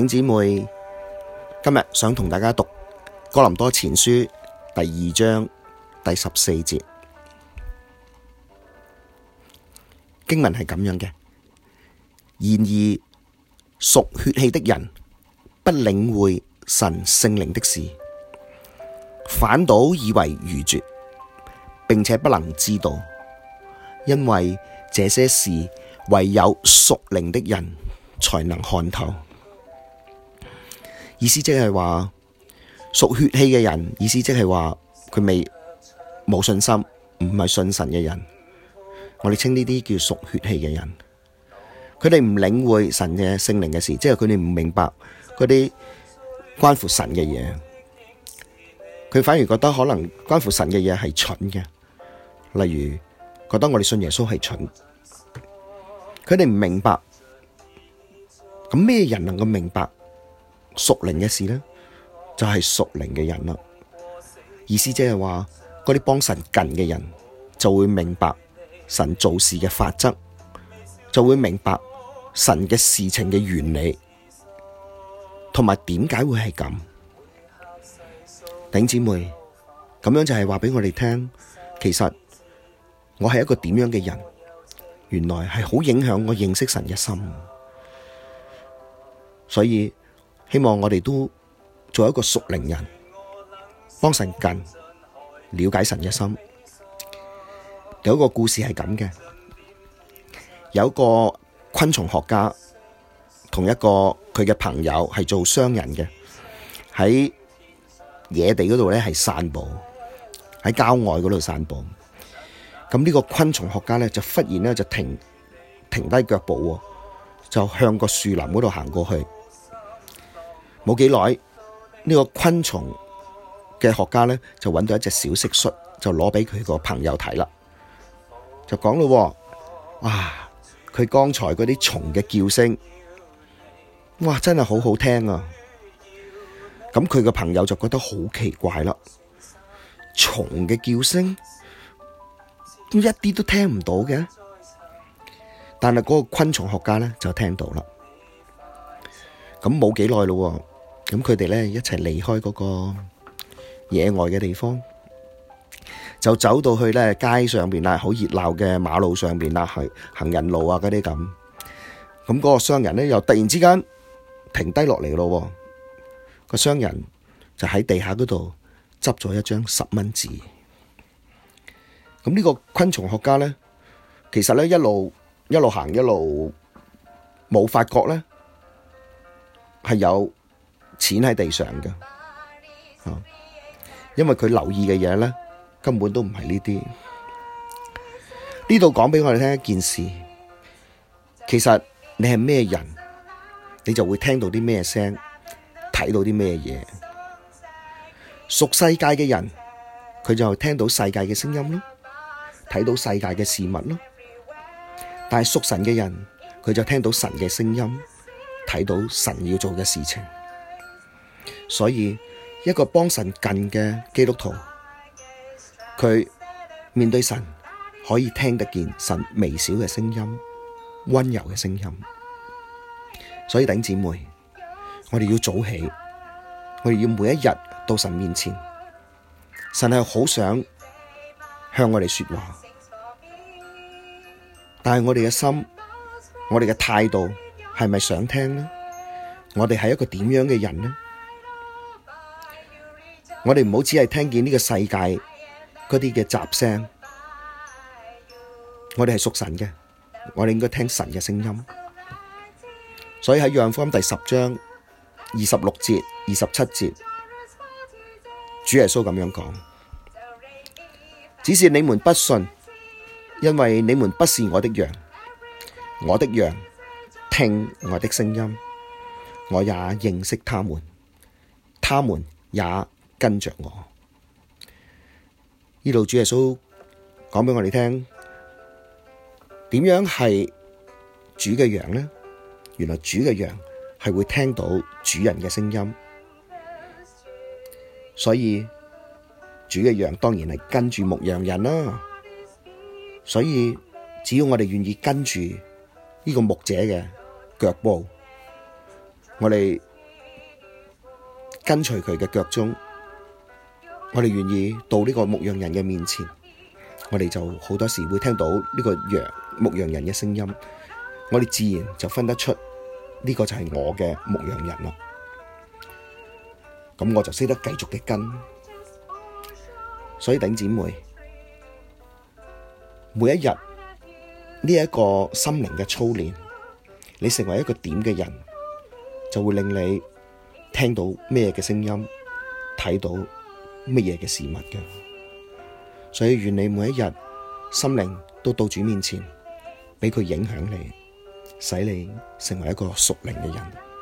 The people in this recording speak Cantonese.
弟姊妹，今日想同大家讀哥林多前書第二章第十四節。經文係咁樣嘅：然而屬血氣的人不領會神聖靈的事，反倒以為愚拙，並且不能知道，因為這些事唯有屬靈的人才能看透。意思即係話屬血氣嘅人，意思即係話佢未冇信心，唔係信神嘅人。我哋稱呢啲叫屬血氣嘅人，佢哋唔領會神嘅聖靈嘅事，即係佢哋唔明白嗰啲關乎神嘅嘢。佢反而覺得可能關乎神嘅嘢係蠢嘅，例如覺得我哋信耶穌係蠢。佢哋唔明白，咁咩人能夠明白？屬靈嘅事呢，就係屬靈嘅人啦。意思即係話，嗰啲幫神近嘅人就會明白神做事嘅法則，就會明白神嘅事情嘅原理，同埋點解會係咁。頂姊妹，咁樣就係話畀我哋聽，其實我係一個點樣嘅人，原來係好影響我認識神嘅心，所以。希望我哋都做一個屬靈人，幫神近，了解神一心。有一個故事係咁嘅，有一個昆蟲學家同一個佢嘅朋友係做商人嘅，喺野地嗰度咧，係散步，喺郊外嗰度散步。咁呢個昆蟲學家咧，就忽然咧就停停低腳步，就向個樹林嗰度行過去。冇幾耐，呢個昆蟲嘅學家咧就搵到一隻小蟋蟀，就攞俾佢個朋友睇啦，就講咯，哇，佢剛才嗰啲蟲嘅叫聲，哇，真係好好聽啊！咁佢個朋友就覺得好奇怪啦，蟲嘅叫聲，一啲都聽唔到嘅，但係嗰個昆蟲學家咧就聽到啦，咁冇幾耐咯。咁佢哋咧一齊離開嗰個野外嘅地方，就走到去咧街上邊啦，好熱鬧嘅馬路上面啦，行行人路啊嗰啲咁。咁嗰個商人咧又突然之間停低落嚟咯，個商人就喺地下嗰度執咗一張十蚊紙。咁呢個昆蟲學家咧，其實咧一路一路行，一路冇發覺咧係有錢喺地上嘅，嗯，因為佢留意嘅嘢呢，根本都唔係呢啲。呢度講俾我哋聽一件事，其實你係咩人，你就會聽到啲咩聲，睇到啲咩嘢。屬世界嘅人，佢就聽到世界嘅聲音咯，睇到世界嘅事物咯。但係屬神嘅人，佢就聽到神嘅聲音，睇到神要做嘅事情。所以一個幫神近嘅基督徒，佢面對神可以聽得見神微小嘅聲音，温柔嘅聲音。所以弟兄姊妹，我哋要早起，我哋要每一日到神面前。神係好想向我哋說話，但係我哋嘅心，我哋嘅態度係咪想聽呢？我哋係一個點樣嘅人呢？我哋唔好只係聽見呢個世界嗰啲嘅雜聲，我哋係屬神嘅，我哋應該聽神嘅聲音。所以喺《約翰福音》第十章二十六節、二十七節，主耶穌咁樣講：只是你們不信，因為你們不是我的羊，我的羊聽我的聲音，我也認識他們，他們也跟着我，呢度主耶穌講俾我哋聽，點樣係主嘅羊呢？原來主嘅羊係會聽到主人嘅聲音，所以主嘅羊當然係跟住牧羊人啦。所以只要我哋願意跟住呢個牧者嘅腳步，我哋跟隨佢嘅腳蹤。我哋願意到呢個牧羊人嘅面前，我哋就好多時會聽到呢個羊牧羊人嘅聲音，我哋自然就分得出呢個就係我嘅牧羊人咯。咁我就識得繼續嘅跟，所以頂姊妹，每一日呢一個心靈嘅操練，你成為一個點嘅人，就會令你聽到咩嘅聲音，睇到。乜嘢嘅事物嘅，所以願你每一日心靈都到主面前，畀佢影響你，使你成為一個屬靈嘅人。